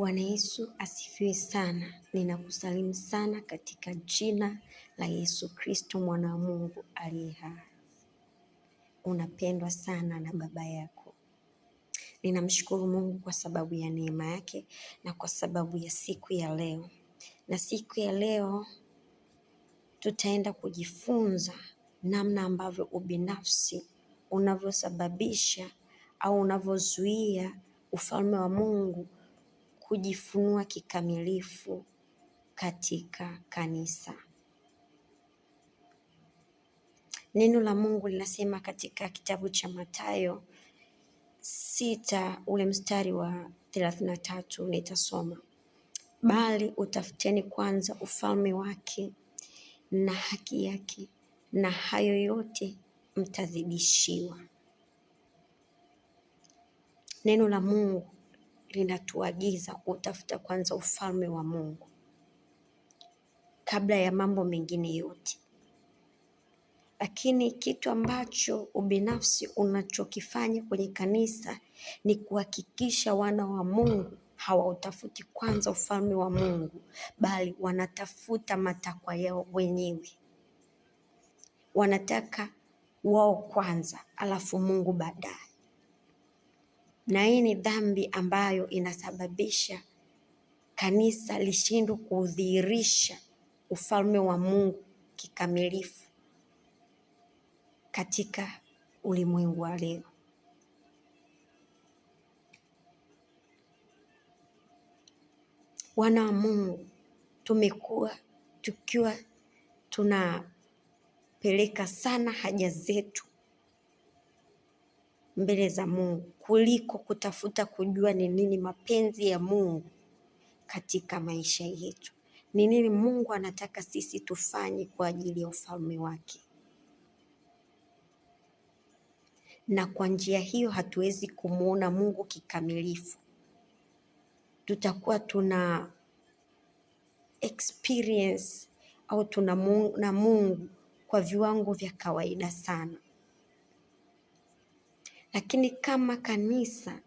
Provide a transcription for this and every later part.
Bwana Yesu asifiwe sana. Ninakusalimu sana katika jina la Yesu Kristo mwana wa Mungu aliye hai. Unapendwa sana na Baba yako. Ninamshukuru Mungu kwa sababu ya neema yake na kwa sababu ya siku ya leo. Na siku ya leo tutaenda kujifunza namna ambavyo ubinafsi unavyosababisha au unavyozuia ufalme wa Mungu kujifunua kikamilifu katika kanisa. Neno la Mungu linasema katika kitabu cha Mathayo sita ule mstari wa thelathini na tatu nitasoma: bali utafuteni kwanza ufalme wake na haki yake, na hayo yote mtazidishiwa. Neno la Mungu linatuagiza kutafuta kwanza ufalme wa Mungu kabla ya mambo mengine yote. Lakini kitu ambacho ubinafsi unachokifanya kwenye kanisa ni kuhakikisha wana wa Mungu hawautafuti kwanza ufalme wa Mungu, bali wanatafuta matakwa yao wenyewe. Wanataka wao kwanza, alafu Mungu baadaye na hii ni dhambi ambayo inasababisha kanisa lishindwe kuudhihirisha ufalme wa Mungu kikamilifu katika ulimwengu wa leo. Wana wa Mungu tumekuwa tukiwa tunapeleka sana haja zetu mbele za Mungu kuliko kutafuta kujua ni nini mapenzi ya Mungu katika maisha yetu, ni nini Mungu anataka sisi tufanye kwa ajili ya ufalme wake. Na kwa njia hiyo hatuwezi kumwona Mungu kikamilifu, tutakuwa tuna experience au tunamwona Mungu kwa viwango vya kawaida sana. Lakini kama kanisa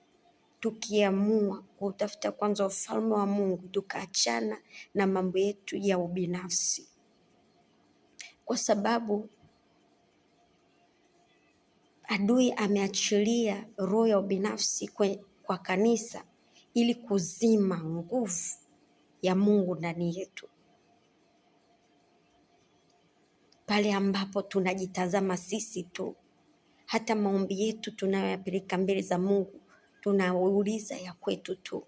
tukiamua kuutafuta kwanza ufalme wa Mungu, tukaachana na mambo yetu ya ubinafsi, kwa sababu adui ameachilia roho ya ubinafsi kwe, kwa kanisa ili kuzima nguvu ya Mungu ndani yetu. Pale ambapo tunajitazama sisi tu hata maombi yetu tunayoyapeleka mbele za Mungu tunauliza ya kwetu tu,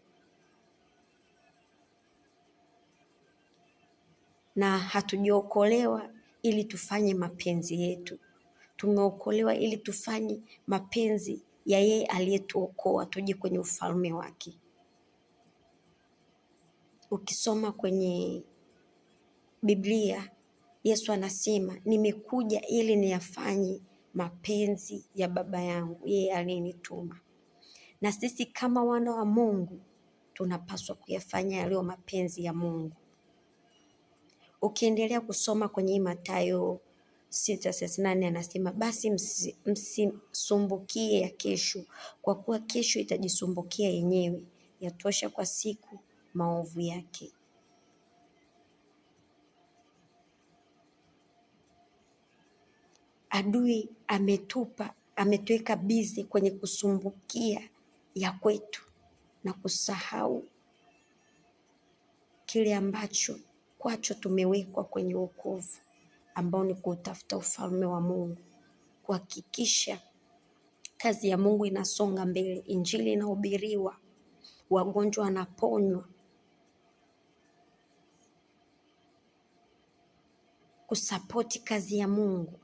na hatujaokolewa ili tufanye mapenzi yetu, tumeokolewa ili tufanye mapenzi ya yeye aliyetuokoa, tuje kwenye ufalme wake. Ukisoma kwenye Biblia Yesu anasema nimekuja ili niyafanye mapenzi ya Baba yangu yeye aliyenituma. Na sisi kama wana wa Mungu tunapaswa kuyafanya yaliyo mapenzi ya Mungu. Ukiendelea kusoma kwenye Mathayo sita anasema basi msisumbukie ya kesho, kwa kuwa kesho itajisumbukia yenyewe, yatosha kwa siku maovu yake. Adui ametupa ametuweka bizi kwenye kusumbukia ya kwetu na kusahau kile ambacho kwacho tumewekwa kwenye wokovu ambao ni kuutafuta ufalme wa Mungu, kuhakikisha kazi ya Mungu inasonga mbele, injili inahubiriwa, wagonjwa wanaponywa, kusapoti kazi ya Mungu.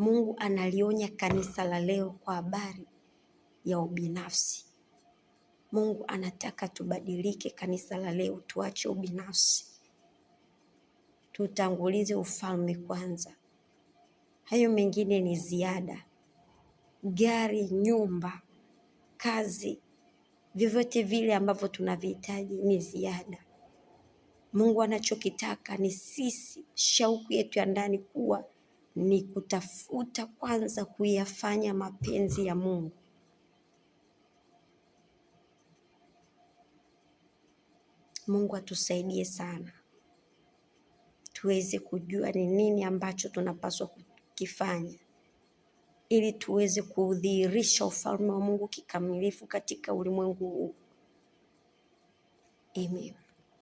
Mungu analionya kanisa la leo kwa habari ya ubinafsi. Mungu anataka tubadilike, kanisa la leo tuache ubinafsi, tutangulize ufalme kwanza. Hayo mengine ni ziada. Gari, nyumba, kazi, vyovyote vile ambavyo tunavihitaji ni ziada. Mungu anachokitaka ni sisi, shauku yetu ya ndani kuwa ni kutafuta kwanza kuyafanya mapenzi ya Mungu. Mungu atusaidie sana tuweze kujua ni nini ambacho tunapaswa kukifanya ili tuweze kuudhihirisha ufalme wa Mungu kikamilifu katika ulimwengu huu. Amen.